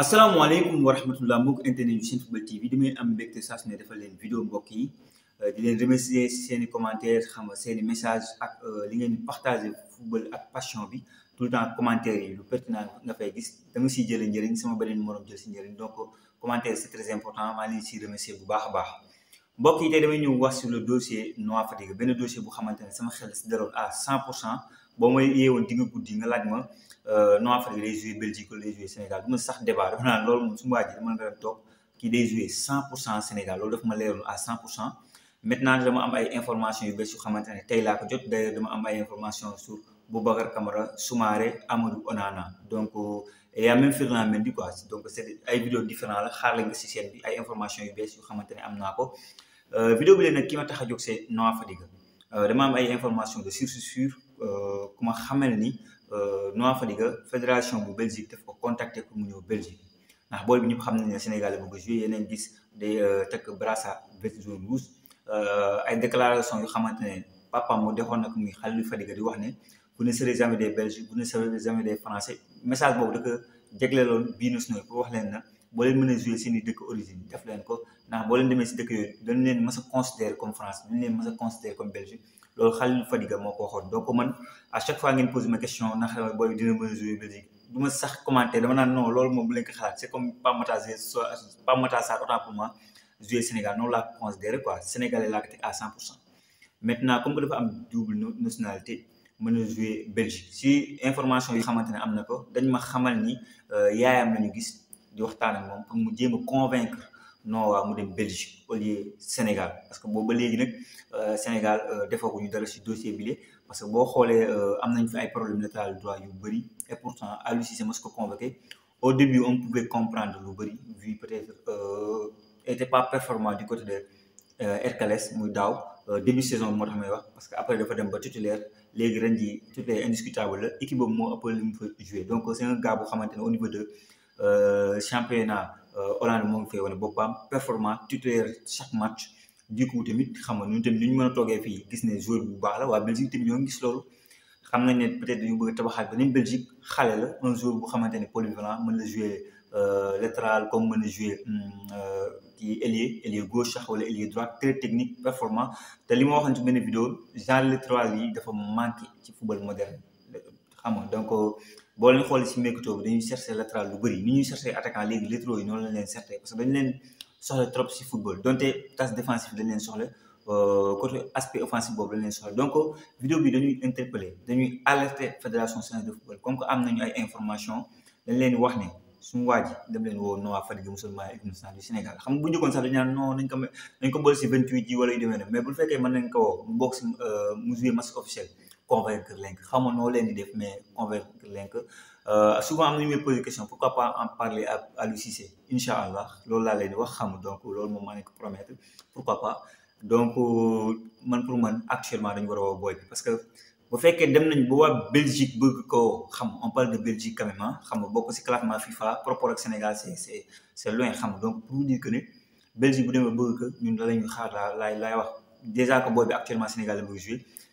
asalaamaaleykum wa rahmatullah mbokk internet yu seen football TV damay am mbégte saa su ne defal leen vidéo mbokk yi euh, di leen remercier seen i xam nga seen i message ak euh, li ngeen partage football ak passion bi tout le temps commentaires yi lu pertinent nga fay gis dama siy jëlee njëriñ sama beneen morom jël si njëriñ donc commentaire c'est très important maa ngi leen siy bu baax a baax. mbokk yi tey damay ñëw wax sur le dossier Noa fatigue benn dossier bu xamante ne sama xel si daloon à 100 pour cent boo may yeewoon di nga guddi nga laaj ma euh, Noa Fadiga day joué Belgique wala day Juifs Sénégal du ma sax débat dama naan loolu moom su ma waajee dama nga dem toog kii day 100 pour cent Sénégal loolu daf ma leeroon à 100 pour cent maintenant dama am ay information yu bees yu xamante ne tey laa ko jot d'ailleurs dama am ay information sur Boubacar Camara Soumaré Amadou Onana donc euh, y a même même Mendy quoi donc c'est ay vidéos différent la xaar la nga si seen bi ay information yu bees yu xamante ne am naa ko euh, vidéo bi leen nag ki ma tax a jóg c'est Noah Fadiga euh, dama am ay information de source sur euh, ku ma xamal ni Noah Fadiga fédération bu Belgique daf ko contacter pour mu ñëw Belgique ndax bool bi ñëpp xam nañ ne Sénégal bëgg a joué yeneen gis day takk brassard vert jaune rouge ay déclaration yu xamante ne papa mu defoon nag muy Khalilou Fadiga di wax ne vous ne serez jamais des Belges bu ne serez jamais des Français message boobu da ko jagleeloon Binous Noy pour wax leen na boo leen mën a joué seen i dëkk origine def leen ko ndax boo leen demee si dëkk yooyu dañu leen mës a considérer comme France dañu leen mës a considérer comme Belgique loolu Khalil Fadiga moo ko waxoon donc man à chaque fois ngeen posé ma question ndax booy dina mën a joué Belgique du ma sax commenter dama naan non loolu moom bu leen ko xalaat c'est comme pas Matar Pape Matar Sarr autant pour moi joué Sénégal noonu laa considéré quoi Sénégalais laa ko teg à 100 pour cent maintenant comme que dafa am double nationalité mën a joué Belgique si information yi xamante ne am na ko dañ ma xamal ni euh, yaayam la ñu gis di waxtaan ak moom pour mu jéem a convaincre non waa mu dem Belgique au lieu Sénégal parce que boobu ba léegi nag euh, Sénégal euh, ñu dara si dossier bi parce que boo xoolee euh, am nañ fi ay problème latéral de droit yu bëri et pourtant Aliou Cissé mos ko convoqué au début on pouvait comprendre lu bëri vu peut-être était pas performant du côté de Hercules muy daaw début saison bi moo tax may wax parce que après dafa dem ba titulaire léegi ren jii titulaire indiscutable la équipe boobu moo ëpp li mu fa joué donc c'est un gars boo xamante ne au niveau de euh, championnat euh, Hollande mo ngi fay wane boppam performant titulaire chaque match du coup tamit xam nga ñun tamit ñu mën a toogee gis né joueur bu baax la wa Belgique tamit ñoo ngi gis loolu xam nañ peut-être ñu bëgg tabaxal tabaxaat Belgique xalé la un joueur bu xamante polyvalent mën la jouer euh, latéral comme mën jouer hmm, kii ailier ailier gauche wala ailier droit très technique performant té li mo waxoon ci benn vidéo genre latéral yi dafa manqué ci football moderne xam nga donc boo leen xoolee si mercato bi dañuy chercher latéral lu bëri ni ñuy chercher attaquant léegi latéraux yi noonu lañ leen chercher parce que dañ leen soxla trop si football donte tas défensif dañ leen soxla euh, côté aspect offensif boobu dañ leen soxla donc vidéo bi dañuy interpeller dañuy alerter fédération sénégalaise de football comme que am nañu ay information dañ leen wax ne suñu waa ji dem leen woo Noah Fadiga musulman équipe nationale du Sénégal xam nga bu njëkkoon sax dañu naan non nañ ko nañ ko boole si 28 yi wala yu demee ne mais bu fekkee mën nañ ko woo mu bokk si euh, mu jouer officiel convaincre leen xamoon noo leen di def mais convaincre leen euh, que souvent am nañu may poser question pourquoi pas en parler à Aliou Cissé incha allah loolu laa leen di wax xam donc loolu moom maa nekk promettre pourquoi pas donc man pour man actuellement dañu war a woo parce que bu fekkee dem nañ ba waa Belgique bëgg koo xam on parle de Belgique quand même ah, xam nga bokk si classement FIFA par rapport ak Sénégal c'est c'est loin xam donc pour dire que ne Belgique bu demee bëgg que ñun la la ñuy wax déjà que booy bi actuellement Sénégal la bëgg jouer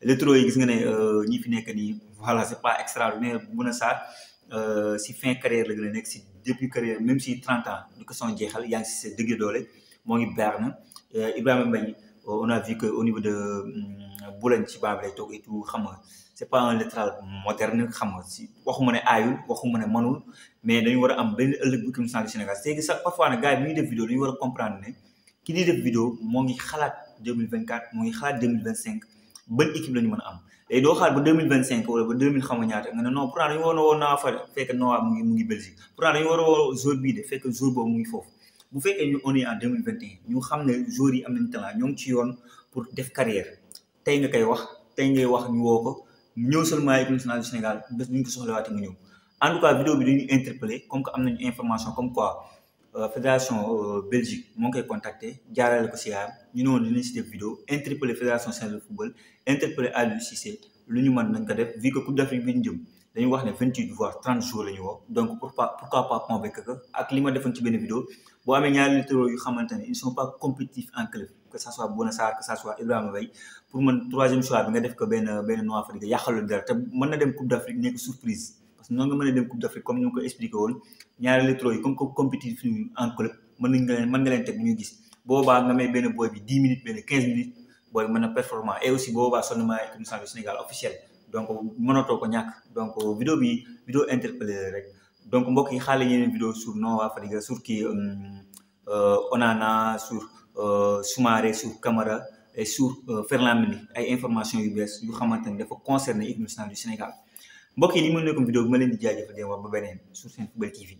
électro yi gis nga ne euh, ñi fi nek ni voilà c'est pas extraordinaire mëna sa euh si fin carrière la gën a nekk si depuis carrière même si 30 ans ñu ko son jeexal yaa ci si sa dolé mo moo ngi Berne euh, Ibrahima Mbaye euh, on a vu que au niveau de mm, Boulogne ci baabi lay toog et tout xam nga c' pas un latéral moderne xam nga si waxuma ne aayul waxuma né manul mais dañu wara am benn ëlëk bu kim sangi Sénégal c'est que sax parfois na gars yi bu ñuy def vidéo dañu wara comprendre né ki di def vidéo mo ngi xalat 2024 moo ngi xalaat 2025 ban équipe la ñu mën a am léegi doo xaar ba deux mille vingt cinq wala ba deux mille xam ñaata nga ne non pourtant a woon naa fa fekk a woo jour bii de fekk jour boobu mu ngi foofu ñu xam ne joueurs am nañ talent ñoo ngi ci yoon pour def carrière tey nga koy wax tey ngay wax ñu woo ko ñëw seulement équipe nationale du Sénégal bés bu ñu ko soxlawaatee nga ñëw en tout cas vidéo bi dañuy comme que am nañu information comme quoi. Euh, fédération euh, Belgique moo ngi contacter jaarale ko si yaayam ñu non woon dinañ vidéo interpeller fédération de football interpeller Aliou Cissé lu ñu man nañ ko def vu que coupe d'Afrique bi ñu jëm dañu wax ne vingt voire 30 jours la ñu wax donc pourquoi pourquoi pas convaincre que ak li ma defoon ci benn vidéo bo amé ñaari latéraux yu xamante ils sont pas compétitifs en club que ça soit Bouna Sarr que ça soit Ibrahima Mbaye pour mon troisième choix bi nga def ko benn benn noa fa di der yàqalul te mën na dem coupe d'Afrique nek surprise noo nga mën a dem coupe d'Afrique comme ñu ko expliqué woon ñaari électro yi comme ko compétitif en club mën nga leen mën nga leen teg ñu gis boobaa nga may benn boy bi 10 minutes benn 15 minutes boy mën a performant et aussi boobaa seulement équipe nationale du Sénégal officiel donc mënatoo ko ñàkk donc vidéo bi vidéo interpellé rek donc mbokk yi xaale yeneen vidéo sur Noah Fadiga sur kii euh, euh, Onana sur euh, Soumaré sur Camara et sur Ferland Mendy ay information yu bees yu xamante ne dafa concerné équipe nationale du Sénégal mbokk i li mën nekkoon vidéo bi ma leen di jaajëfal di wax ba beneen sur Senfootball TV